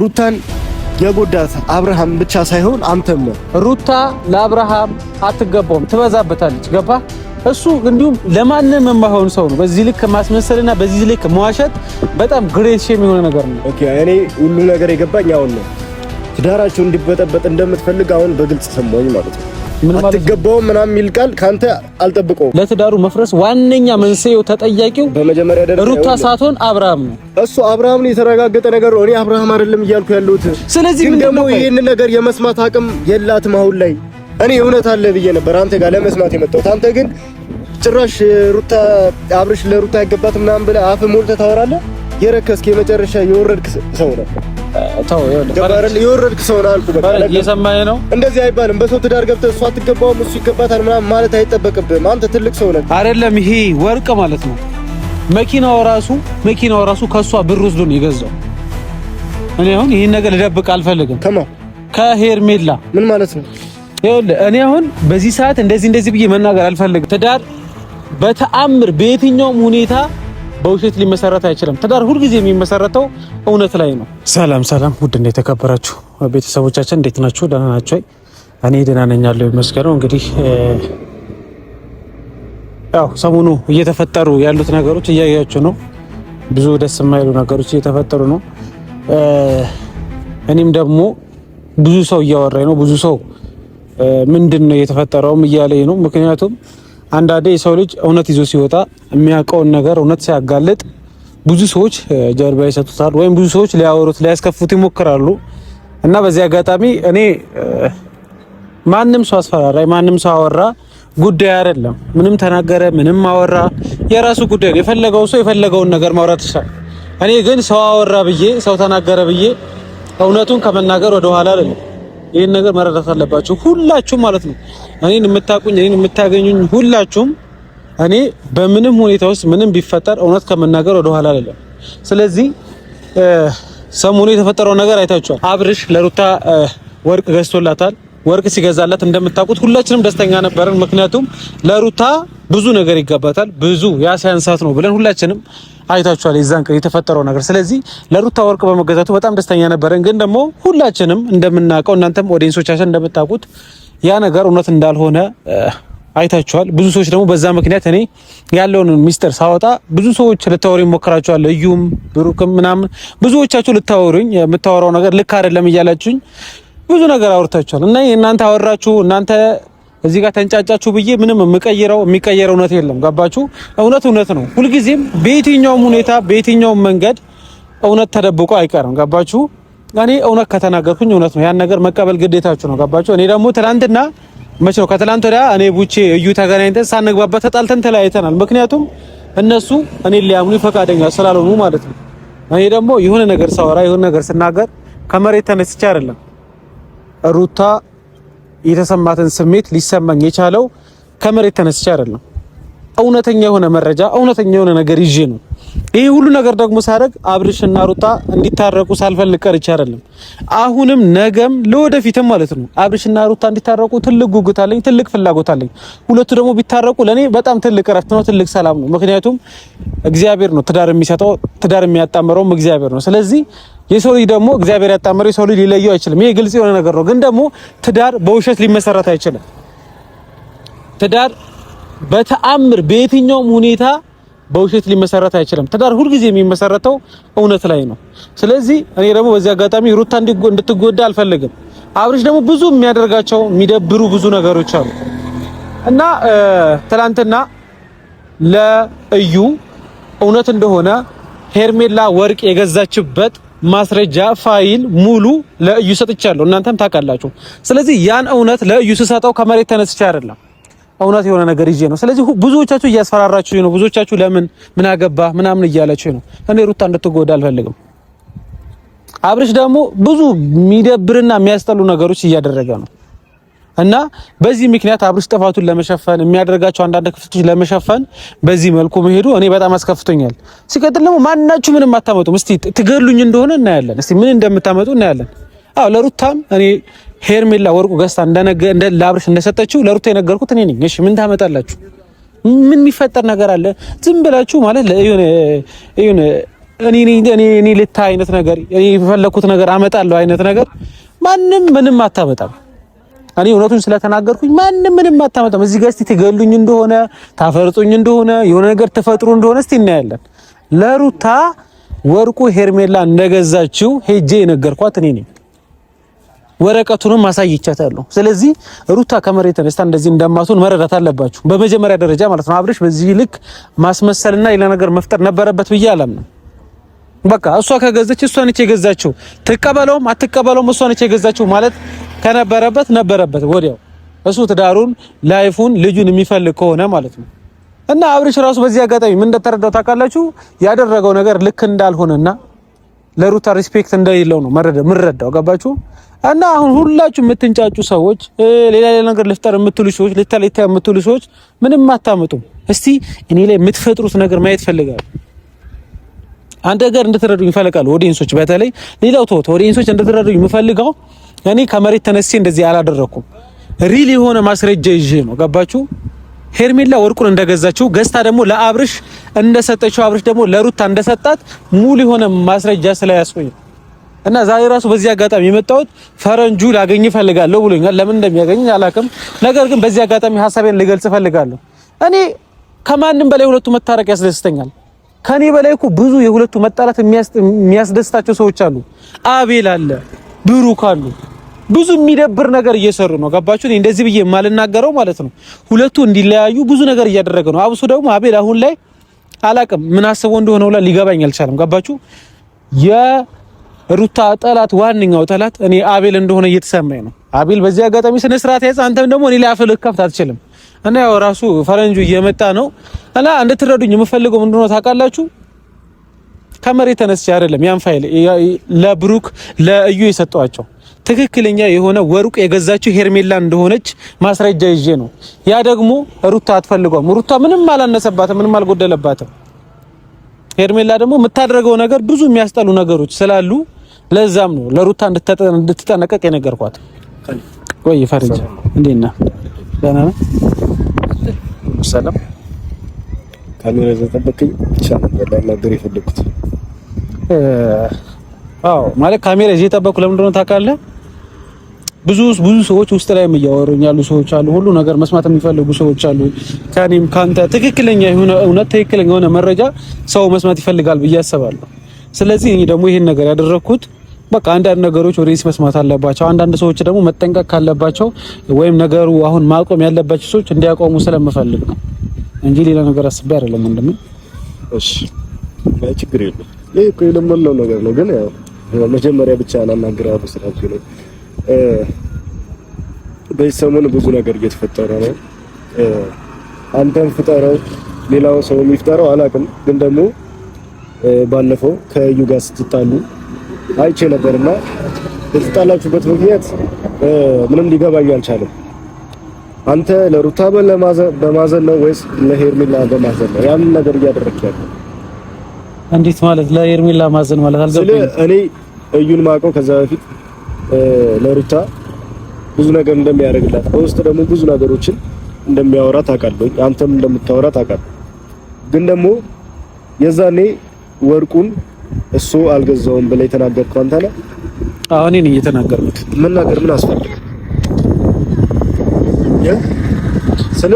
ሩታን የጎዳት አብርሃም ብቻ ሳይሆን አንተም ነው። ሩታ ለአብርሃም አትገባውም፣ ትበዛበታለች። ገባ እሱ እንዲሁም ለማንም የማይሆን ሰው ነው። በዚህ ልክ ማስመሰልና በዚህ ልክ መዋሸት በጣም ግሬስ የሚሆነ ነገር ነው። እኔ ሁሉ ነገር የገባኝ አሁን ነው። ትዳራቸው እንዲበጠበጥ እንደምትፈልግ አሁን በግልጽ ሰማኝ ማለት ነው። አትገባውም ምናምን የሚል ቃል ከአንተ አልጠብቀውም። ለትዳሩ መፍረስ ዋነኛ መንስኤው ተጠያቂው በመጀመሪያ ደረጃ ሩታ ሳትሆን አብርሃም ነው። እሱ አብርሃም ነው የተረጋገጠ ነገር ነው። እኔ አብርሃም አይደለም እያልኩ ያለሁት። ስለዚህ ደግሞ ይህንን ነገር የመስማት አቅም የላትም አሁን ላይ። እኔ እውነት አለ ብዬ ነበር አንተ ጋር ለመስማት የመጣሁት። አንተ ግን ጭራሽ ሩታ አብርሽ ለሩታ አይገባትም ምናምን ብለህ አፍ ሞልተህ ታወራለህ። የረከስክ የመጨረሻ የወረድክ ሰው ነው። ተው የወረድክ ሰው ነው አልኩህ። እየሰማኸኝ ነው። እንደዚህ አይባልም። በሰው ትዳር ገብተህ እሷ አትገባውም እሱ ይገባታል ምናምን ማለት አይጠበቅብህም። አንተ ትልቅ ሰው ነህ። አይደለም ይሄ ወርቅ ማለት ነው። መኪናው ራሱ መኪናው ራሱ ከእሷ ብር ወስዶ ነው የገዛው። እኔ አሁን ይህን ነገር ልደብቅ አልፈልግም። ከሄርሜላ ምን ማለት ነው? ይኸውልህ እኔ አሁን በዚህ ሰዓት እንደዚህ እንደዚህ ብዬ መናገር አልፈልግም። ትዳር በተአምር በየትኛውም ሁኔታ በውሸት ሊመሰረት አይችልም። ትዳር ሁልጊዜ የሚመሰረተው እውነት ላይ ነው። ሰላም ሰላም፣ እንደ የተከበራችሁ ቤተሰቦቻችን እንዴት ናችሁ? ደህና ናችሁ? እኔ ደህና ነኝ ያለው ይመስገነው። እንግዲህ ያው ሰሞኑ እየተፈጠሩ ያሉት ነገሮች እያያችሁ ነው። ብዙ ደስ የማይሉ ነገሮች እየተፈጠሩ ነው። እኔም ደግሞ ብዙ ሰው እያወራኝ ነው። ብዙ ሰው ምንድን ነው እየተፈጠረውም እያለኝ ነው። ምክንያቱም አንዳንዴ የሰው ልጅ እውነት ይዞ ሲወጣ የሚያውቀውን ነገር እውነት ሲያጋልጥ ብዙ ሰዎች ጀርባ ይሰጡታል፣ ወይም ብዙ ሰዎች ሊያወሩት ሊያስከፉት ይሞክራሉ እና በዚህ አጋጣሚ እኔ ማንም ሰው አስፈራራ፣ ማንም ሰው አወራ ጉዳይ አይደለም። ምንም ተናገረ፣ ምንም አወራ የራሱ ጉዳይ ነው። የፈለገው ሰው የፈለገውን ነገር ማውራት ይችላል። እኔ ግን ሰው አወራ ብዬ ሰው ተናገረ ብዬ እውነቱን ከመናገር ወደኋላ አይደለም። ይህን ነገር መረዳት አለባቸው ሁላችሁም ማለት ነው። እኔን የምታቁኝ እኔን የምታገኙኝ ሁላችሁም እኔ በምንም ሁኔታ ውስጥ ምንም ቢፈጠር እውነት ከመናገር ወደ ኋላ አይደለም። ስለዚህ ሰሞኑ የተፈጠረው ነገር አይታችኋል። አብርሽ ለሩታ ወርቅ ገዝቶላታል። ወርቅ ሲገዛላት እንደምታውቁት ሁላችንም ደስተኛ ነበርን። ምክንያቱም ለሩታ ብዙ ነገር ይገባታል፣ ብዙ ሳያንሳት ነው ብለን ሁላችንም አይታችኋል የዛን ቀን የተፈጠረው ነገር። ስለዚህ ለሩታ ወርቅ በመገዛቱ በጣም ደስተኛ ነበርን። ግን ደግሞ ሁላችንም እንደምናውቀው እናንተም ኦዲየንሶቻችን እንደምታውቁት ያ ነገር እውነት እንዳልሆነ አይታችኋል። ብዙ ሰዎች ደግሞ በዛ ምክንያት እኔ ያለውን ሚስጥር ሳወጣ ብዙ ሰዎች ልታወሩኝ ሞክራችኋል። እዩም ብሩክም ምናምን ብዙዎቻችሁ ልታወሩኝ የምታወራው ነገር ልክ አይደለም እያላችሁኝ ብዙ ነገር አውርታችኋል እና እናንተ አወራችሁ እናንተ እዚህ ጋር ተንጫጫችሁ ብዬ ምንም የምቀይረው የሚቀየረው እውነት የለም። ገባችሁ? እውነት እውነት ነው። ሁልጊዜም በየትኛውም ሁኔታ በየትኛውም መንገድ እውነት ተደብቆ አይቀርም። ገባችሁ? እኔ እውነት ከተናገርኩኝ እውነት ነው። ያን ነገር መቀበል ግዴታችሁ ነው። ገባችሁ? እኔ ደግሞ ትናንትና መች ነው ከትላንት ወዲያ እኔ ቡቼ እዩ ተገናኝተን ሳንግባበት ተጣልተን ተለያይተናል። ምክንያቱም እነሱ እኔ ሊያምኑ ፈቃደኛ ስላልሆኑ ማለት ነው። እኔ ደግሞ የሆነ ነገር ሳወራ የሆነ ነገር ስናገር ከመሬት ተነስቼ አይደለም ሩታ የተሰማትን ስሜት ሊሰማኝ የቻለው ከመሬት ተነስቼ አይደለም። እውነተኛ የሆነ መረጃ እውነተኛ የሆነ ነገር ይዤ ነው። ይህ ሁሉ ነገር ደግሞ ሳደርግ አብርሽና ሩታ እንዲታረቁ ሳልፈልግ ቀርቼ አይደለም። አሁንም፣ ነገም፣ ለወደፊትም ማለት ነው አብርሽና ሩታ እንዲታረቁ ትልቅ ጉጉት አለኝ፣ ትልቅ ፍላጎት አለኝ። ሁለቱ ደግሞ ቢታረቁ ለኔ በጣም ትልቅ እረፍት ነው፣ ትልቅ ሰላም ነው። ምክንያቱም እግዚአብሔር ነው ትዳር የሚሰጠው፣ ትዳር የሚያጣምረውም እግዚአብሔር ነው። ስለዚህ የሰው ልጅ ደግሞ እግዚአብሔር ያጣመረው የሰው ልጅ ሊለየው አይችልም። ይሄ ግልጽ የሆነ ነገር ነው። ግን ደግሞ ትዳር በውሸት ሊመሰረት አይችልም። ትዳር በተአምር በየትኛውም ሁኔታ በውሸት ሊመሰረት አይችልም። ትዳር ሁልጊዜ የሚመሰረተው እውነት ላይ ነው። ስለዚህ እኔ ደግሞ በዚህ አጋጣሚ ሩታ እንድትጎዳ አልፈልግም። አብርሽ ደግሞ ብዙ የሚያደርጋቸው የሚደብሩ ብዙ ነገሮች አሉ እና ትላንትና ለእዩ እውነት እንደሆነ ሄርሜላ ወርቅ የገዛችበት ማስረጃ ፋይል ሙሉ ለእዩ ሰጥቻለሁ። እናንተም ታውቃላችሁ። ስለዚህ ያን እውነት ለእዩ ስሰጠው ከመሬት ተነስቼ አይደለም እውነት የሆነ ነገር ይዤ ነው። ስለዚህ ብዙዎቻችሁ እያስፈራራችሁ ነው። ብዙዎቻችሁ ለምን ምን አገባ ምናምን እያላችሁ ነው። እኔ ሩታ እንድትጎዳ አልፈልግም። አብርሽ ደግሞ ብዙ የሚደብርና የሚያስጠሉ ነገሮች እያደረገ ነው እና በዚህ ምክንያት አብርሽ ጥፋቱን ለመሸፈን የሚያደርጋቸው አንዳንድ ክፍቶች ለመሸፈን በዚህ መልኩ መሄዱ እኔ በጣም አስከፍቶኛል። ሲቀጥል ደግሞ ማናችሁ ምንም አታመጡም። እስቲ ትገሉኝ እንደሆነ እናያለን። እስቲ ምን እንደምታመጡ እናያለን። አዎ ለሩታም እኔ ሄርሜላ ወርቁ ገዝታ እንደ ላብርሽ እንደሰጠችው ለሩታ የነገርኩት እኔ ነኝ። እሺ ምን ታመጣላችሁ? ምን የሚፈጠር ነገር አለ? ዝም ብላችሁ ማለት ለዩን ዩን እኔ እኔ እኔ ልታ አይነት ነገር እኔ የፈለኩት ነገር አመጣለሁ አይነት ነገር ማንም ምንም አታመጣም። እኔ እውነቱን ስለተናገርኩኝ ማንም ምንም አታመጣም። እዚህ ጋር እስቲ ትገሉኝ እንደሆነ ታፈርጡኝ እንደሆነ የሆነ ነገር ትፈጥሩ እንደሆነ እስቲ እናያለን። ለሩታ ወርቁ ሄርሜላ እንደገዛችው ሄጄ የነገርኳት እኔ ነኝ። ወረቀቱንም አሳይቻታለሁ። ስለዚህ ሩታ ከመሬት ተነስታ እንደዚህ እንደማትሆን መረዳት አለባችሁ በመጀመሪያ ደረጃ ማለት ነው። አብርሽ በዚህ ልክ ማስመሰልና ሌላ ነገር መፍጠር ነበረበት ብዬ አላምንም። በቃ እሷ ከገዛች እሷ ነች የገዛችው። ትቀበለውም አትቀበለውም እሷ ነች የገዛችው ማለት ከነበረበት ነበረበት ወዲያው እሱ ትዳሩን ላይፉን ልጁን የሚፈልግ ከሆነ ማለት ነው። እና አብርሽ ራሱ በዚህ አጋጣሚ ምን እንደተረዳው ታውቃላችሁ ያደረገው ነገር ልክ እንዳልሆነና ለሩታ ሪስፔክት እንደሌለው ነው ምረዳው። ገባችሁ? እና አሁን ሁላችሁ የምትንጫጩ ሰዎች፣ ሌላ ሌላ ነገር ልፍጠር የምትሉ ሰዎች፣ ልታሌታ የምትሉ ሰዎች ምንም አታመጡም። እስቲ እኔ ላይ የምትፈጥሩት ነገር ማየት ፈልጋለሁ። አንድ ነገር እንድትረዱ እፈልጋለሁ። ኦዲየንሶች፣ በተለይ ሌላው ተወት፣ ኦዲየንሶች እንድትረዱ የምፈልገው እኔ ከመሬት ተነስቼ እንደዚህ አላደረኩም። ሪል የሆነ ማስረጃ ይዤ ነው። ገባችሁ? ሄርሜላ ወርቁን እንደገዛችው ገዝታ ደግሞ ለአብርሽ እንደሰጠችው አብርሽ ደግሞ ለሩታ እንደሰጣት ሙሉ የሆነ ማስረጃ ስለያዝኩኝ እና ዛሬ ራሱ በዚህ አጋጣሚ የመጣሁት ፈረንጁ ላገኝ እፈልጋለሁ ብሎኛል። ለምን እንደሚያገኝ አላውቅም። ነገር ግን በዚህ አጋጣሚ ሀሳቤን ልገልጽ እፈልጋለሁ። እኔ ከማንም በላይ ሁለቱ መታረቅ ያስደስተኛል። ከኔ በላይ እኮ ብዙ የሁለቱ መጣላት የሚያስደስታቸው ሰዎች አሉ። አቤል አለ፣ ብሩክ አሉ። ብዙ የሚደብር ነገር እየሰሩ ነው። ገባችሁ? እንደዚህ ብዬ የማልናገረው ማለት ነው። ሁለቱ እንዲለያዩ ብዙ ነገር እያደረገ ነው። አብሶ ደግሞ አቤል አሁን ላይ አላቅም ምን እንደሆነ ሁላ ሊገባኝ አልቻለም። ገባችሁ? የሩታ ጠላት ዋነኛው ጠላት እኔ አቤል እንደሆነ እየተሰማኝ ነው። አቤል በዚህ አጋጣሚ ስነ ስርዓት ያዝ። አንተም ደግሞ እኔ ላይ አፍልህ ከፍት አትችልም። እና ያው ራሱ ፈረንጁ እየመጣ ነው እና እንድትረዱኝ የምፈልገው ምንድነው ታውቃላችሁ ከመሬት ተነስቼ አይደለም ያን ፋይል ለብሩክ ለእዩ የሰጠዋቸው ትክክለኛ የሆነ ወርቅ የገዛችው ሄርሜላ እንደሆነች ማስረጃ ይዤ ነው። ያ ደግሞ ሩታ አትፈልጓም። ሩታ ምንም አላነሰባትም፣ ምንም አልጎደለባትም። ሄርሜላ ደግሞ የምታደርገው ነገር ብዙ የሚያስጠሉ ነገሮች ስላሉ ለዛም ነው ለሩታ እንድትጠነቀቅ የነገርኳት። ወይ ፈረንጅ እንዴት ነህ? ደህና ነህ? ሰላም ካሜራ ዘጠበቀኝ ብቻ ነበር ላናገር የፈለኩት። አዎ ማለት ካሜራ እዚህ የጠበኩ ለምንድን ነው ታውቃለህ? ብዙ ብዙ ሰዎች ውስጥ ላይም እያወሩኝ ያሉ ሰዎች አሉ። ሁሉ ነገር መስማት የሚፈልጉ ሰዎች አሉ። ከኔም ካንተ ትክክለኛ የሆነ እውነት ትክክለኛ የሆነ መረጃ ሰው መስማት ይፈልጋል ብዬ አስባለሁ። ስለዚህ እኔ ደግሞ ይሄን ነገር ያደረኩት በቃ አንዳንድ ነገሮች ወደዚህ መስማት አለባቸው። አንዳንድ ሰዎች ደግሞ መጠንቀቅ ካለባቸው ወይም ነገሩ አሁን ማቆም ያለባቸው ሰዎች እንዲያቆሙ ስለምፈልግ ነው እንጂ ሌላ ነገር አስቤ አይደለም። እንደምን እሺ፣ ችግር የለም። ይሄ እኮ የለመለው ነገር ነው፣ ግን ያው መጀመሪያ ብቻ ላናግረህ ስራ ነው በዚህ ሰሞን ብዙ ነገር እየተፈጠረ ነው። አንተም ፍጠረው ሌላው ሰው የሚፍጠረው አላውቅም፣ ግን ደግሞ ባለፈው ከእዩ ጋር ስትጣሉ አይቼ ነበርና የተጣላችሁበት ምክንያት ምንም ሊገባኝ አልቻለም። አንተ ለሩታ በማዘን ነው ወይስ ለሄርሜላ በማዘን ነው ያንን ነገር እያደረግህ ያለው? እንዴት ማለት ለሄርሜላ ማዘን ማለት አልገባኝም። እኔ እዩን ማውቀው ከዛ በፊት ለሩታ ብዙ ነገር እንደሚያደርግላት በውስጥ ደግሞ ብዙ ነገሮችን እንደሚያወራ ታውቃለሁ። አንተም እንደምታወራ ታውቃለሁ። ግን ደግሞ የዛኔ ወርቁን እሱ አልገዛውም ብለህ የተናገርከው አንተ ነህ። አዎ እኔ ነኝ የተናገርኩት። መናገር ምን አስፈልግ? ስለ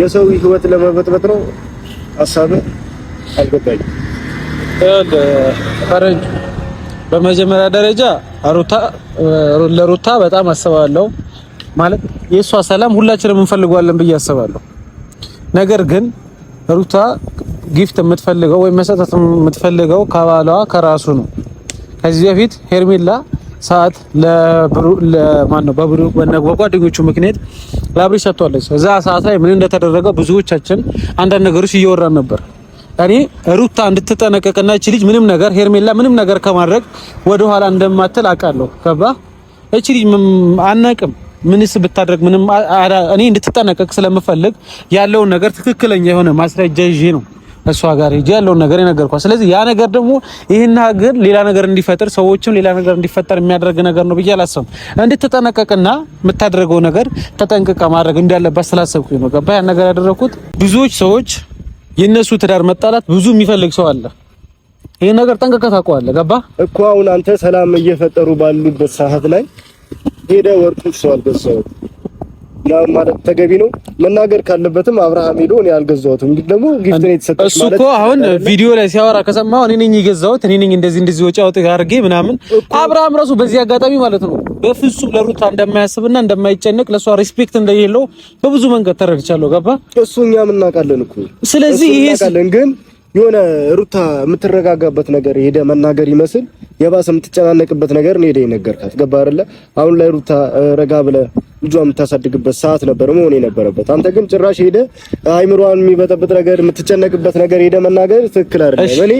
የሰው ህይወት ለመበጥበጥ ነው ሀሳብህ አልገባኝም። ፈረንጅ በመጀመሪያ ደረጃ ሩታ ለሩታ በጣም አስባለሁ። ማለት የእሷ ሰላም ሁላችንም እንፈልገዋለን ብዬ አስባለሁ። ነገር ግን ሩታ ጊፍት የምትፈልገው ወይም መሰጠት የምትፈልገው ከባሏ ከራሱ ነው። ከዚህ በፊት ሄርሜላ ሰዓት ለማን ነው በብሩ ጓደኞቹ ምክንያት ለአብሬ ሰጥቷለች። እዛ ሰዓት ላይ ምን እንደተደረገ ብዙዎቻችን አንዳንድ ነገሮች እየወራን ነበር። እኔ ሩታ እንድትጠነቀቅና እቺ ልጅ ምንም ነገር ሄርሜላ ምንም ነገር ከማድረግ ወደ ኋላ እንደማትል አውቃለሁ። ከባ እቺ ልጅ አናቅም ምንስ ብታደርግ ምንም እኔ እንድትጠነቀቅ ስለምፈልግ ያለውን ነገር ትክክለኛ የሆነ ማስረጃ ይዤ ነው እሷ ጋር ሄጄ ያለውን ነገር የነገርኳት። ስለዚህ ያ ነገር ደግሞ ይህን ሀገር ሌላ ነገር እንዲፈጥር ሰዎችም ሌላ ነገር እንዲፈጠር የሚያደርግ ነገር ነው ብዬ አላሰብም። እንድትጠነቀቅና የምታደርገው ነገር ተጠንቅቀ ማድረግ እንዳለባት ስላሰብኩኝ ነው። ገባ ያን ነገር ያደረኩት ብዙዎች ሰዎች የእነሱ ትዳር መጣላት ብዙ የሚፈልግ ሰው አለ። ይሄን ነገር ጠንቅቀህ ታውቀዋለህ። ገባ እኮ አሁን አንተ ሰላም እየፈጠሩ ባሉበት ሰዓት ላይ ሄደህ ወርቁን ሰው አልገዛሁም ምናምን ማለት ተገቢ ነው። መናገር ካለበትም አብርሃም ሄዶ እኔ አልገዛሁትም፣ እንግዲህ ደግሞ ጊፍት ነው የተሰጠው እሱ እኮ አሁን ቪዲዮ ላይ ሲያወራ ከሰማሁ እኔ ነኝ የገዛሁት እኔ ነኝ እንደዚህ እንደዚህ ወጪ አውጥ አድርጌ ምናምን። አብርሃም ራሱ በዚህ አጋጣሚ ማለት ነው በፍጹም ለሩታ እንደማያስብና እንደማይጨነቅ ለሷ ሪስፔክት እንደሌለው በብዙ መንገድ ተረድቻለሁ። ገባ እሱ እኛ የምናውቃለን እኮ ስለዚህ ይሄ ግን የሆነ ሩታ የምትረጋጋበት ነገር ሄደ መናገር ይመስል የባሰ የምትጨናነቅበት ነገር ነው ሄደ የነገርካት። ገባ አይደለ? አሁን ላይ ሩታ ረጋ ብለ ልጇ የምታሳድግበት ሰዓት ነበር መሆን የነበረበት። አንተ ግን ጭራሽ ሄደ አይምሯን የሚበጠብጥ ነገር የምትጨነቅበት ነገር ሄደ መናገር ትክክል አይደለም። እኔ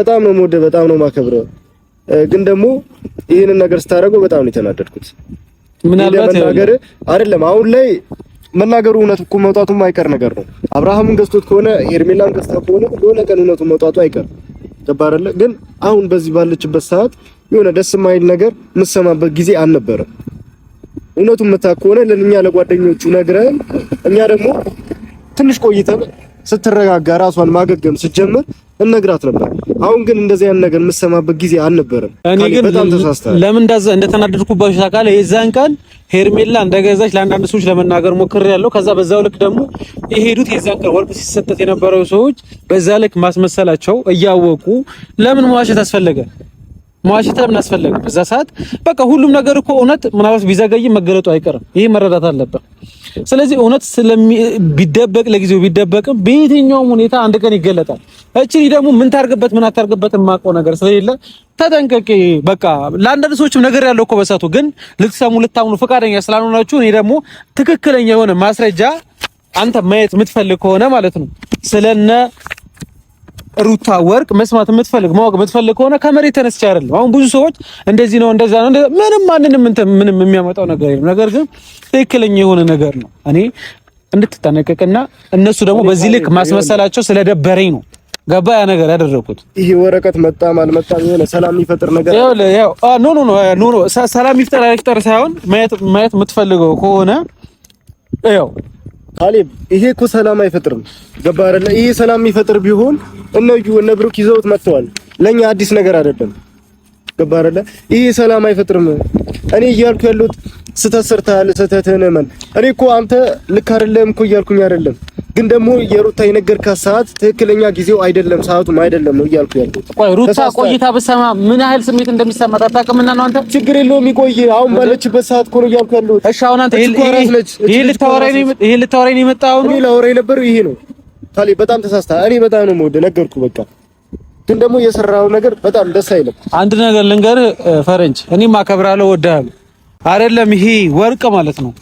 በጣም ነው የምወደው፣ በጣም ነው የማከብረው። ግን ደግሞ ይህንን ነገር ስታደርገው በጣም ነው የተናደድኩት። ምናልባት ነገር አይደለም አሁን ላይ መናገሩ እውነት እኮ መውጣቱ አይቀር ነገር ነው። አብርሃምን ገዝቶት ከሆነ ሄርሜላን ገዝታ ከሆነ የሆነ ቀን እውነቱ መውጣቱ አይቀር ገባረለ። ግን አሁን በዚህ ባለችበት ሰዓት የሆነ ደስ የማይል ነገር የምትሰማበት ጊዜ አልነበረም። እውነቱ መታ ከሆነ ለእኛ ለጓደኞቹ ነግረን እኛ ደግሞ ትንሽ ቆይተን ስትረጋጋ ራሷን ማገገም ስትጀምር እነግራት ነበር። አሁን ግን እንደዚህ ያለ ነገር የምሰማበት ጊዜ አልነበረም። እኔ ግን በጣም ተሳስተሃል። ለምን እንደዛ እንደተናደድኩባችሁ ታውቃለህ? የዛን ቀን ሄርሜላ እንደገዛች ለአንዳንድ ሰዎች ለመናገር ሞክሬያለሁ። ከዛ በዛው ልክ ደግሞ የሄዱት የዛን ቀን ወርቅ ሲሰጠት የነበረው ሰዎች በዛ ልክ ማስመሰላቸው እያወቁ ለምን መዋሸት አስፈለገ? መዋሸት ለምን አስፈለገ? በዛ ሰዓት በቃ ሁሉም ነገር እኮ እውነት ምናልባት ቢዘገይም መገለጡ አይቀርም። ይሄ መረዳት አለበት። ስለዚህ እውነት ቢደበቅ ለጊዜው ቢደበቅም በየትኛውም ሁኔታ አንድ ቀን ይገለጣል። እቺ ደግሞ ምን ታርግበት ምን አታርግበት የማውቀው ነገር ስለሌለ ተጠንቀቂ። በቃ ለአንዳንድ ሰዎችም ነገር ያለው እኮ በሳቱ ግን ልትሰሙ ልታምኑ ፈቃደኛ ስላልሆናችሁ እኔ ደግሞ ትክክለኛ የሆነ ማስረጃ አንተ ማየት የምትፈልግ ከሆነ ማለት ነው ስለነ ሩታ ወርቅ መስማት የምትፈልግ ማወቅ የምትፈልግ ከሆነ ከመሬት ተነስቼ አይደለም። አሁን ብዙ ሰዎች እንደዚህ ነው እንደዛ ነው ምንም ማንንም እንትን ምንም የሚያመጣው ነገር የለም። ነገር ግን ትክክለኛ የሆነ ነገር ነው። እኔ እንድትጠነቀቅና እነሱ ደግሞ በዚህ ልክ ማስመሰላቸው ስለደበረኝ ነው። ገባ ያ ነገር ያደረኩት ይሄ ወረቀት መጣም አልመጣም የሆነ ሰላም የሚፈጥር ነገር ያው ኖ ኖ ኖ ኖ ኖ ሰላም ይፈጥር አይፈጥር ሳይሆን ማየት ማየት የምትፈልገው ከሆነ ያው ካሌብ ይሄ እኮ ሰላም አይፈጥርም። ገባ አይደለ? ይሄ ሰላም የሚፈጥር ቢሆን እነዩ እዩ እነ ብሩክ ይዘውት መጥተዋል። ለኛ አዲስ ነገር አይደለም። ገባ አይደለ? ይሄ ሰላም አይፈጥርም። እኔ እያልኩ ያሉት ስተሰርታል ስተትህን እመን። እኔ እኮ አንተ ልክ አይደለም እኮ እያልኩኝ አይደለም ግን ደግሞ የሩታ የነገርካት ሰዓት ትክክለኛ ጊዜው አይደለም፣ ሰዓቱም አይደለም ነው እያልኩ ያልኩት። ቆይ ሩታ ቆይታ ብትሰማ ምን ያህል ስሜት እንደሚሰማት አታውቅምና ነው። አንተ ችግር የለውም ይቆይ፣ አሁን ባለችበት ሰዓት እኮ ነው እያልኩ ያለሁት። እሺ አሁን አንተ ይሄ ልታወራኝ ነው የመጣኸው? እኔ ላወራ የነበረው ይሄ ነው። ታዲያ በጣም ተሳስተሃል። እኔ በጣም ነው የምወደው፣ ነገርኩህ በቃ ግን ደግሞ የሰራው ነገር በጣም ደስ አይልም። አንድ ነገር ልንገርህ ፈረንጅ፣ እኔም አከብራለሁ፣ እወድሃለሁ። አይደለም ይሄ ወርቅ ማለት ነው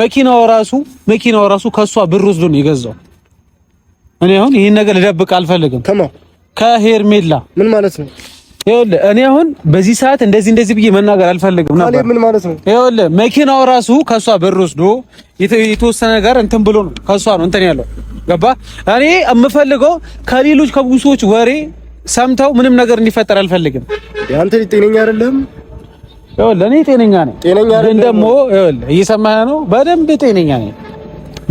መኪናው ራሱ መኪናው ራሱ ከሷ ብር ወስዶ ነው የገዛው። እኔ አሁን ይሄን ነገር ልደብቅ አልፈልግም። ከሄርሜላ ምን ማለት ነው? ይኸውልህ እኔ አሁን በዚህ ሰዓት እንደዚህ እንደዚህ ብዬ መናገር አልፈልግም ነበር። ምን ማለት ነው? ይኸውልህ መኪናው ራሱ ከሷ ብር ወስዶ የተወሰነ ነገር እንትን ብሎ ነው ከሷ ነው እንትን ያለው ገባ። እኔ የምፈልገው ከሌሎች ከብዙ ሰዎች ወሬ ሰምተው ምንም ነገር እንዲፈጠር አልፈልግም። አንተ ጤነኛ አይደለም ለእኔ ጤነኛ ነኝ። ግን ደግሞ እየሰማህ ነው፣ በደንብ ጤነኛ ነኝ።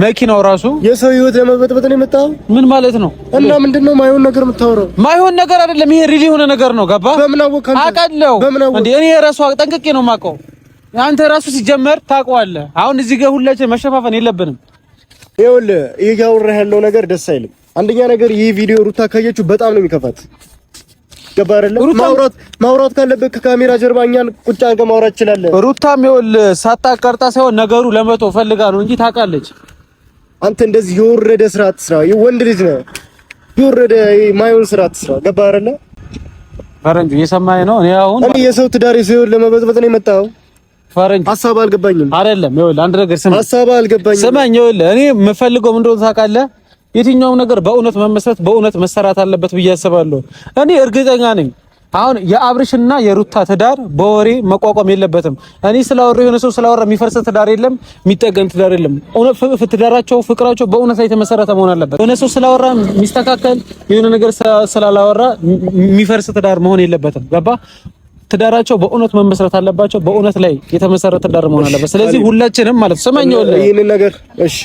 መኪናው ራሱ የሰው ህይወት ለመበጥበጥ ነው የመጣው። ምን ማለት ነው? እና ምንድነው ማይሆን ነገር የምታወራው? ማይሆን ነገር አይደለም። ይሄ ሪል የሆነ ነገር ነው። ገባ? በምን አወቀ? አውቃለሁ እንዴ እኔ ራሱ ጠንቅቄ ነው የማውቀው። አንተ ራሱ ሲጀመር ታውቀዋለህ። አሁን እዚህ ጋር ሁላችን መሸፋፈን የለብንም። ይኸውልህ እያወራህ ያለው ነገር ደስ አይልም። አንደኛ ነገር ይህ ቪዲዮ ሩታ ካየችው በጣም ነው የሚከፋት። ገባ አይደለ? ማውራት ካለበት ከካሜራ ጀርባ እኛን ቁጭ አድርገህ ማውራት ይችላል። ሩታም ይኸውልህ ሳታቀርጣ ሳይሆን ነገሩ ለመቶ ፈልጋ ነው እንጂ ታውቃለች። አንተ እንደዚህ የወረደ ስራ አትስራ። ወንድ ልጅ ነው የወረደ ማይሆን ስራ አትስራ። ገባ አይደለ? ፈረንጁ እየሰማኸኝ ነው? እኔ አሁን እኔ የሰው ትዳር ለመበጥበጥ ነው የመጣኸው? ፈረንጅ ሀሳብ አልገባኝም። አይደለም ይኸውልህ አንድ ነገር ስማ፣ ሀሳብ አልገባኝም። ስማኝ ይኸውልህ እኔ የምፈልገው ምንድን ነው ታውቃለህ የትኛውም ነገር በእውነት መመስረት በእውነት መሰራት አለበት ብዬ አስባለሁ። እኔ እርግጠኛ ነኝ አሁን የአብርሽና የሩታ ትዳር በወሬ መቋቋም የለበትም። እኔ ስላወራ የሆነ ሰው ስላወራ የሚፈርስ ትዳር የለም፣ የሚጠገን ትዳር የለም። ትዳራቸው፣ ፍቅራቸው በእውነት ላይ የተመሰረተ መሆን አለበት። የሆነ ሰው ስላወራ የሚስተካከል የሆነ ነገር ስላላወራ የሚፈርስ ትዳር መሆን የለበትም። ገባ ትዳራቸው በእውነት መመስረት አለባቸው። በእውነት ላይ የተመሰረተ ትዳር መሆን አለበት። ስለዚህ ሁላችንም ማለት ስማኝው ወለ ይሄን ነገር እሺ፣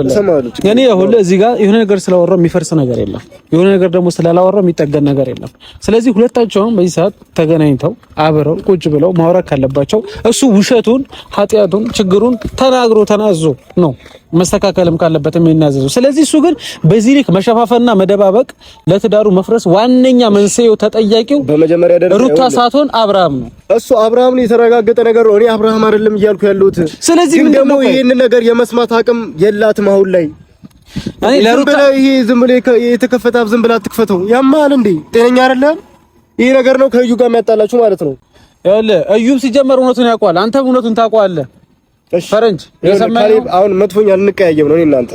ወለ ሰማሉት። እኔ ሁሉ እዚህ ጋር የሆነ ነገር ስለወራው የሚፈርስ ነገር የለም። የሆነ ነገር ደግሞ ስላላወራው የሚጠገን ነገር የለም። ስለዚህ ሁለታቸውም በዚህ ሰዓት ተገናኝተው አብረው ቁጭ ብለው ማውራት ካለባቸው እሱ ውሸቱን፣ ኃጢአቱን፣ ችግሩን ተናግሮ ተናዞ ነው መስተካከልም ካለበት የሚናዘዘው። ስለዚህ እሱ ግን በዚህ ልክ መሸፋፈንና መደባበቅ ለትዳሩ መፍረስ ዋነኛ መንስኤው ተጠያቂው በመጀመሪያ ደረጃ ሩታ ሳትሆን አብርሃም ነው። እሱ አብርሃምን የተረጋገጠ ነገር ነው። እኔ አብርሃም አይደለም እያልኩ ያለሁት። ስለዚህ ደግሞ ይህን ነገር የመስማት አቅም የላትም አሁን ላይ ይሄ ዝም ብለህ የተከፈተ አፍ ዝም ብለህ አትክፈተው። ያማል እንዴ? ጤነኛ አይደለም። ይሄ ነገር ነው ከእዩ ጋር የሚያጣላችሁ ማለት ነው። ይኸውልህ እዩም ሲጀመር እውነቱን ያውቀዋል፣ አንተም እውነቱን ታውቀዋለህ። ፈረንጅ አሁን መጥፎኛ ልንቀያየም ነው። እናንተ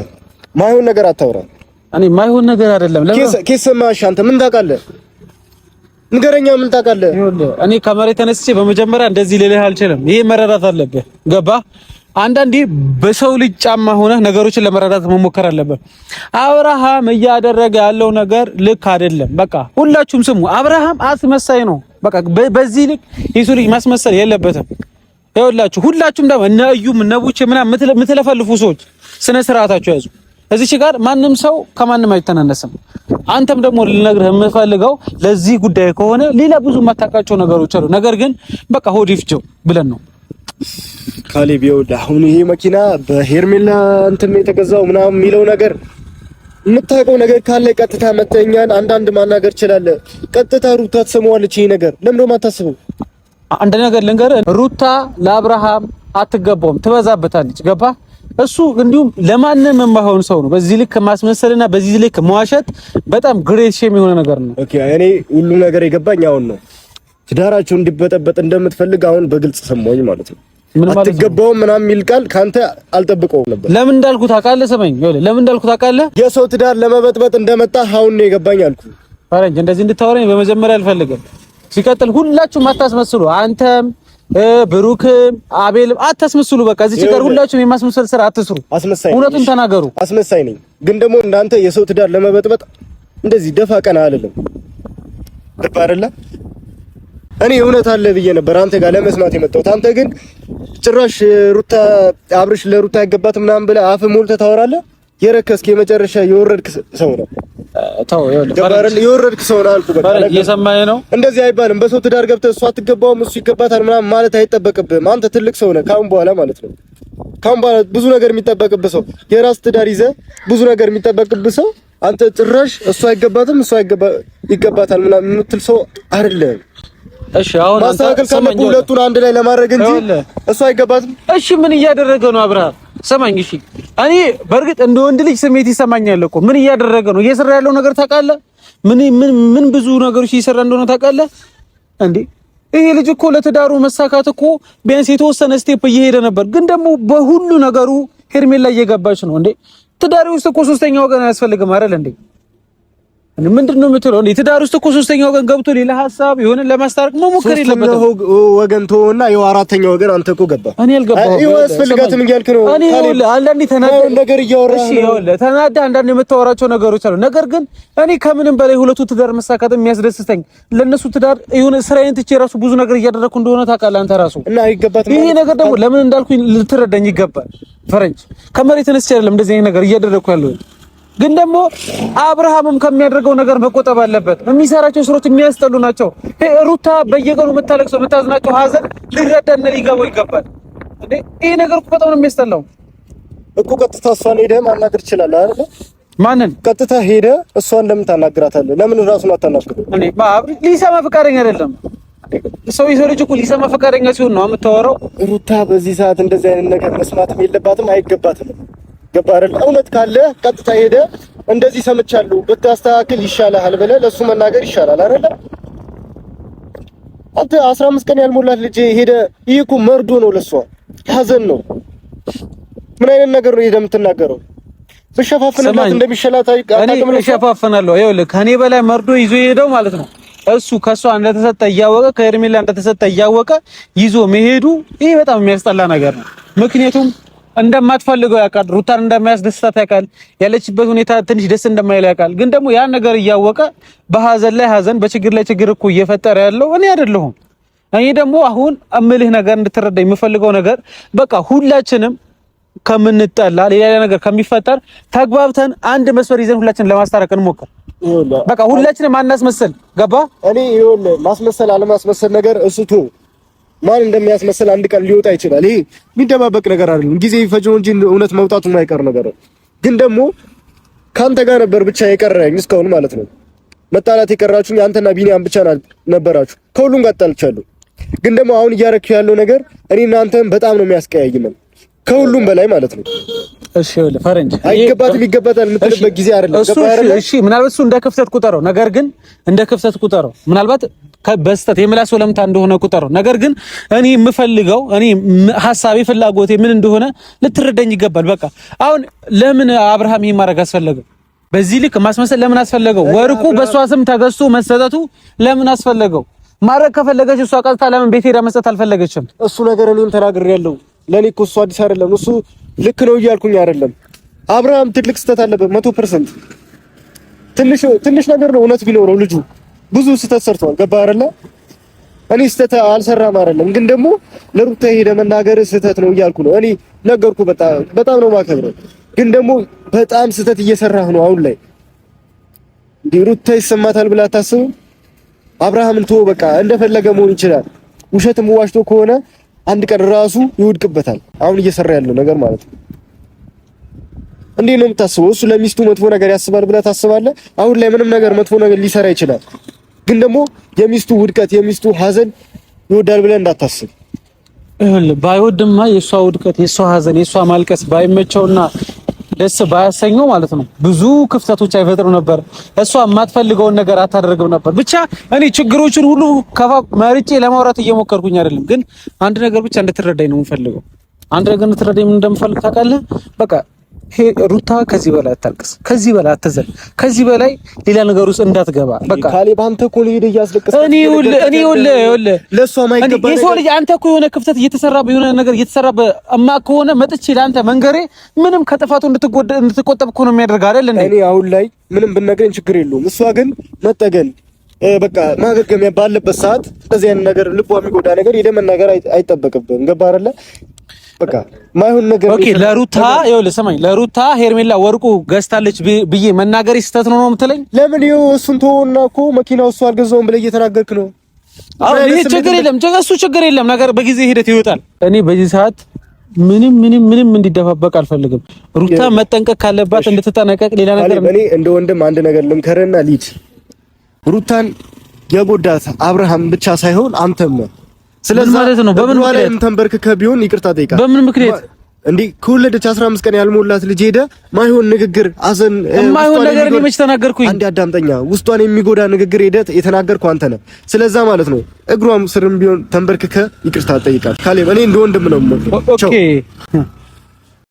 ማይሆን ነገር አታውራ። እኔ ማይሆን ነገር አይደለም። ኬስ ሰማሽ አንተ ምን ታውቃለህ? ንገረኛ ምን ታውቃለህ? እኔ ከመሬት ተነስቼ በመጀመሪያ እንደዚህ ልልህ አልችልም። ይሄ መረዳት አለብህ። ገባህ? አንዳንዴ በሰው ልጅ ጫማ ሆነ ነገሮችን ለመረዳት መሞከር አለበት። አብርሃም እያደረገ ያለው ነገር ልክ አይደለም። በቃ ሁላችሁም ስሙ፣ አብርሃም አስመሳይ ነው። በቃ በዚህ ልክ የሰው ልጅ ማስመሰል የለበትም። ይኸውላችሁ ሁላችሁም ደግሞ እነ እዩም እነ ቡቼ ምናምን የምትለፈልፉ ሰዎች ስነ ስርዓታችሁ ያዙ። እዚች ጋር ማንም ሰው ከማንም አይተናነስም። አንተም ደግሞ ልነግርህ የምፈልገው ለዚህ ጉዳይ ከሆነ ሌላ ብዙ የማታውቃቸው ነገሮች አሉ። ነገር ግን በቃ ሆድ ይፍጀው ብለን ነው ካሌብ ይኸውልህ፣ አሁን ይሄ መኪና በሄርሜላ እንትን የተገዛው ምናምን የሚለው ነገር የምታውቀው ነገር ካለ ቀጥታ መተኛን አንዳንድ ማናገር ይችላል። ቀጥታ ሩታ ትሰማዋለች። ይሄ ነገር ለምን ነው የማታስበው? አንድ ነገር ልንገርህ፣ ሩታ ለአብርሃም አትገባውም፣ ትበዛበታለች። ገባ እሱ እንዲሁም ለማንም የማይሆን ሰው ነው። በዚህ ልክ ማስመሰልና በዚህ ልክ መዋሸት በጣም ግሬት ሼም የሆነ ነገር ነው። ኦኬ እኔ ሁሉ ነገር የገባኝ አሁን ነው። ትዳራቸው እንዲበጠበጥ እንደምትፈልግ አሁን በግልጽ ሰማኝ ማለት ነው። አትገባውም ምናምን የሚል ቃል ከአንተ አልጠብቀውም ነበር። ለምን እንዳልኩ ታውቃለህ? ስማኝ፣ ለምን እንዳልኩ ታውቃለህ? የሰው ትዳር ለመበጥበጥ እንደመጣ አሁን ነው የገባኝ አልኩ። ፈረንጅ እንደዚህ እንድታወራኝ በመጀመሪያ አልፈልግም። ሲቀጥል ሁላችሁም አታስመስሉ። አንተም ብሩክም አቤልም አታስመስሉ። በቃ እዚህ ችግር ሁላችሁም የማስመሰል ስራ አትስሩ። አስመሳይ እውነቱን ተናገሩ። አስመሳይ ነኝ፣ ግን ደግሞ እንዳንተ የሰው ትዳር ለመበጥበጥ እንደዚህ ደፋ ቀና አይደለም። ልብ አይደለ እኔ እውነት አለ ብዬ ነበር አንተ ጋር ለመስማት የመጣሁት። አንተ ግን ጭራሽ ሩታ አብርሽ ለሩታ ያገባት ምናምን ብለህ አፍ ሞልተህ ታወራለህ። የረከስክ የመጨረሻ የወረድክ ሰው ነው። ተው የወረድክ ሰው ነው አልኩህ። በቃ እየሰማኸኝ ነው። እንደዚህ አይባልም። በሰው ትዳር ገብተህ እሷ አትገባውም እሱ ይገባታል ምናምን ማለት አይጠበቅብህም። አንተ ትልቅ ሰው ነህ ካሁን በኋላ ማለት ነው። ካሁን በኋላ ብዙ ነገር የሚጠበቅብህ ሰው የራስ ትዳር ይዘህ ብዙ ነገር የሚጠበቅብህ ሰው አንተ ጭራሽ እሱ አይገባትም እሱ ይገባታል ምናምን የምትል ሰው አይደለም። እሺ አሁን ማስተካከል ካለብህ ሁለቱን አንድ ላይ ለማድረግ እንጂ እሱ አይገባትም። እሺ ምን እያደረገ ነው አብርሃም? ሰማኝ። እሺ እኔ በእርግጥ እንደ ወንድ ልጅ ስሜት ይሰማኛል እኮ። ምን እያደረገ ነው? እየሰራ ያለው ነገር ታውቃለህ? ምን ምን ምን ብዙ ነገሮች እየሰራ እንደሆነ ታውቃለህ እንዴ? ይሄ ልጅ እኮ ለትዳሩ መሳካት እኮ ቢያንስ የተወሰነ ስቴፕ እየሄደ ነበር፣ ግን ደግሞ በሁሉ ነገሩ ሄርሜላ እየገባች ነው እንዴ? ትዳሪ ውስጥ እኮ ሶስተኛ ወገን አያስፈልግም አይደል እንዴ? ምንድን ነው የምትለው? እንዴ ትዳር ውስጥ እኮ ሶስተኛ ወገን ገብቶ ሌላ ሀሳብ የሆነ ለማስታረቅ መሞከር የለበትም። ወገን ተወና፣ ይኸው አራተኛ ወገን አንተ እኮ ገባ። እኔ አልገባሁም። ይኸው አስፈልጋትም እያልክ ነው። እኔ አንዳንዴ ተናዳ ነገር እያወራህ ነው። ተናዳ አንዳንድ የምታወራቸው ነገሮች አሉ። ነገር ግን እኔ ከምንም በላይ ሁለቱ ትዳር መሳካት የሚያስደስተኝ ለእነሱ ትዳር የሆነ ስራዬን ትቼ ራሱ ብዙ ነገር እያደረግኩ እንደሆነ ታውቃለህ አንተ ራሱ እና አይገባትም። ይሄ ነገር ደግሞ ለምን እንዳልኩኝ ልትረዳኝ ይገባል። ፈረንጅ ከመሬት ተነስቼ አይደለም እንደዚህ አይነት ነገር እያደረግኩ ያለሁት ግን ደግሞ አብርሃምም ከሚያደርገው ነገር መቆጠብ አለበት። የሚሰራቸው ስሮች የሚያስጠሉ ናቸው። ሩታ በየቀኑ የምታለቅሰው የምታዝናቸው ሀዘን ሊረዳና ሊገባው ይገባል። ይሄ ነገር እኮ በጣም ነው የሚያስጠላው እኮ። ቀጥታ እሷን ሄደህ ማናገር ይችላል አይደል? ማንን ቀጥታ ሄደህ እሷን ለምን ታናግራታለህ? ለምን እራሱን አታናግረው? እኔ ሊሰማ ፈቃደኛ አይደለም። ሰው የሰው ልጅ እኮ ሊሰማ ፈቃደኛ ሲሆን ነው የምታወራው። ሩታ በዚህ ሰዓት እንደዚህ አይነት ነገር መስማትም የለባትም አይገባትም። ገባ አይደል? እውነት ካለ ቀጥታ ሄደ እንደዚህ ሰምቻለሁ ብታስተካክል ይሻላል ብለህ ለሱ መናገር ይሻላል አይደል? አንተ 15 ቀን ያልሞላት ልጅ ሄደ። ይህ እኮ መርዶ ነው፣ ለሷ ሀዘን ነው። ምን አይነት ነገር ነው የምትናገረው? ብሸፋፍንላት እንደሚሻላት አይቃጣም። እሸፋፍናለሁ። ይኸውልህ ከኔ በላይ መርዶ ይዞ የሄደው ማለት ነው እሱ ከሷ እንደተሰጠ እያወቀ ከሄርሜላ እንደተሰጠ እያወቀ ይዞ መሄዱ ይሄ በጣም የሚያስጠላ ነገር ነው። ምክንያቱም እንደማትፈልገው ያውቃል። ሩታን እንደማያስደስታት ያውቃል። ያለችበት ሁኔታ ትንሽ ደስ እንደማይል ያውቃል። ግን ደግሞ ያን ነገር እያወቀ በሀዘን ላይ ሀዘን፣ በችግር ላይ ችግር እኮ እየፈጠረ ያለው እኔ አይደለሁም። እኔ ደግሞ አሁን እምልህ ነገር እንድትረዳ የምፈልገው ነገር በቃ ሁላችንም ከምንጠላ ሌላ ነገር ከሚፈጠር ተግባብተን አንድ መስመር ይዘን ሁላችን ለማስታረቅ እንሞክር። በቃ ሁላችንም አናስመስል። ገባ? እኔ ይኸውልህ ማስመሰል አለማስመሰል ነገር እሱ ማን እንደሚያስመስል አንድ ቀን ሊወጣ ይችላል። ይሄ የሚደባበቅ ነገር አይደለም። ጊዜ ይፈጅው እንጂ እውነት መውጣቱ የማይቀር ነገር ነው። ግን ደግሞ ከአንተ ጋር ነበር ብቻ የቀረኝ እስካሁን ማለት ነው። መጣላት የቀራችሁ አንተና ቢኒያም ብቻ ነበራችሁ። ከሁሉም ጋር ተጣልቻለሁ። ግን ደግሞ አሁን እያረክ ያለው ነገር እኔና አንተን በጣም ነው የሚያስቀያይመን ከሁሉም በላይ ማለት ነው። እሺ ፈረንጅ አይገባትም ይገባታል የምትልበት ጊዜ አይደለም። እሺ ምናልባት እሱ እንደ ክፍተት ቁጠረው፣ ነገር ግን እንደ ክፍተት ቁጠረው ምናልባት በስተት የምላስ ወለምታ እንደሆነ ቁጠር። ነገር ግን እኔ የምፈልገው እኔ ሀሳቤ ፍላጎቴ ምን እንደሆነ ልትረዳኝ ይገባል። በቃ አሁን ለምን አብርሃም ይሄን ማድረግ አስፈለገ? በዚህ ልክ ማስመሰል ለምን አስፈለገው? ወርቁ በእሷ ስም ተገዝቶ መሰጠቱ ለምን አስፈለገው? ማድረግ ከፈለገች እሷ ቀጥታ ለምን ቤት ሄዳ መስጠት አልፈለገችም? እሱ ነገር እኔም ተናግሬያለሁ። ለኔ እኮ እሱ አዲስ አይደለም። እሱ ልክ ነው እያልኩኝ አይደለም። አብርሃም ትልቅ ስህተት አለበት መቶ ፐርሰንት። ትንሽ ነገር ነው እውነት ቢኖረው ልጁ ብዙ ስህተት ሰርቷል። ገባ አይደለ? እኔ ስህተት አልሰራም አይደለም፣ ግን ደግሞ ለሩታ ሄደ መናገር ስህተት ነው እያልኩ ነው። እኔ ነገርኩ፣ በጣም በጣም ነው የማከብረው፣ ግን ደግሞ በጣም ስህተት እየሰራህ ነው አሁን ላይ። እንደ ሩታ ይሰማታል ብላ አታስብም። አብርሃምን ተወው፣ በቃ እንደፈለገ መሆን ይችላል። ውሸትም ዋሽቶ ከሆነ አንድ ቀን ራሱ ይወድቅበታል። አሁን እየሰራ ያለው ነገር ማለት ነው። እንዴት ነው የምታስበው? እሱ ለሚስቱ መጥፎ ነገር ያስባል ብለህ ታስባለህ? አሁን ላይ ምንም ነገር መጥፎ ነገር ሊሰራ ይችላል። ግን ደግሞ የሚስቱ ውድቀት የሚስቱ ሀዘን ይወዳል ብለን እንዳታስብ። ባይወድማ የእሷ ውድቀት የእሷ ሀዘን የእሷ ማልቀስ ባይመቸውና ደስ ባያሰኘው ማለት ነው ብዙ ክፍተቶች አይፈጥሩ ነበር። እሷ የማትፈልገውን ነገር አታደርግም ነበር። ብቻ እኔ ችግሮችን ሁሉ ከፋ መርጬ ለማውራት እየሞከርኩኝ አይደለም፣ ግን አንድ ነገር ብቻ እንድትረዳኝ ነው የምፈልገው። አንድ ነገር እንድትረዳኝ እንደምፈልግ ታውቃለህ በቃ ሩታ ከዚህ በላይ አታልቅስ፣ ከዚህ በላይ አትዘን፣ ከዚህ በላይ ሌላ ነገር ውስጥ እንዳትገባ። በቃ ካሌብ አንተ እኮ ልሄድ እያስለቀሰ እኔ ይውል እኔ ይውል ይውል ለሷ ማይገባ የሰው ልጅ አንተ እኮ የሆነ ክፍተት እየተሰራ የሆነ ነገር እየተሰራ በእማ ከሆነ መጥቼ ለአንተ መንገሬ ምንም ከጥፋቱ እንድትጎደ እንድትቆጠብ እኮ ነው የሚያደርግ አይደል እንዴ? እኔ አሁን ላይ ምንም ብነግረኝ ችግር የለውም። እሷ ግን መጠገን በቃ ማገገሚያ ባለበት ሰዓት እንደዚህ አይነት ነገር ልቧ የሚጎዳ ነገር ሄደህ መናገር አይጠበቅብህም። ገባህ አይደለ? በቃ ማይሆን ነገር ኦኬ። ለሩታ ይኸውልህ፣ ስማኝ፣ ለሩታ ሄርሜላ ወርቁ ገዝታለች ብዬ መናገር ስህተት ነው ነው የምትለኝ? ለምን ይኸው እሱን ተወውና እኮ መኪናው እሱ አልገዛውም ብለህ እየተናገርክ ነው። አዎ ይሄ ችግር የለም እሱ ችግር የለም ነገር በጊዜ ሂደት ይወጣል። እኔ በዚህ ሰዓት ምንም ምንም ምንም እንዲደባበቅ አልፈልግም። ሩታ መጠንቀቅ ካለባት እንድትጠነቀቅ፣ ሌላ ነገር እኔ እንደ ወንድም አንድ ነገር ልምከርህና ሊድ ሩታን የጎዳት አብርሃም ብቻ ሳይሆን አንተም ስለዚህ ማለት ነው በምን ምክንያት ተንበርክከህ ቢሆን ይቅርታ ጠይቃ በምን ምክንያት እንዴ ከወለደች 15 ቀን ያልሞላት ልጅ ሄደ ማይሆን ንግግር አዘን ማይሆን ነገር መች ተናገርኩኝ? አንድ አዳምጠኛ ውስጧን የሚጎዳ ንግግር ሄደ የተናገርኩ አንተ ነህ። ስለዛ ማለት ነው እግሯም ስርም ቢሆን ተንበርክከ ይቅርታ ጠይቃል። ካሌብ እኔ እንደ ወንድም ነው። ኦኬ